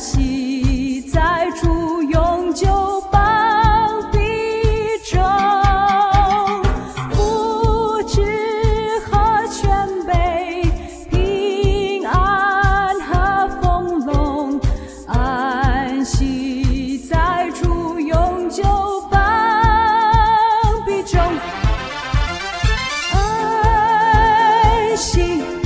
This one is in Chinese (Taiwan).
安息在主永久膀臂中，福祉何全備，平安何豐隆，安息在主永久膀臂中，安息。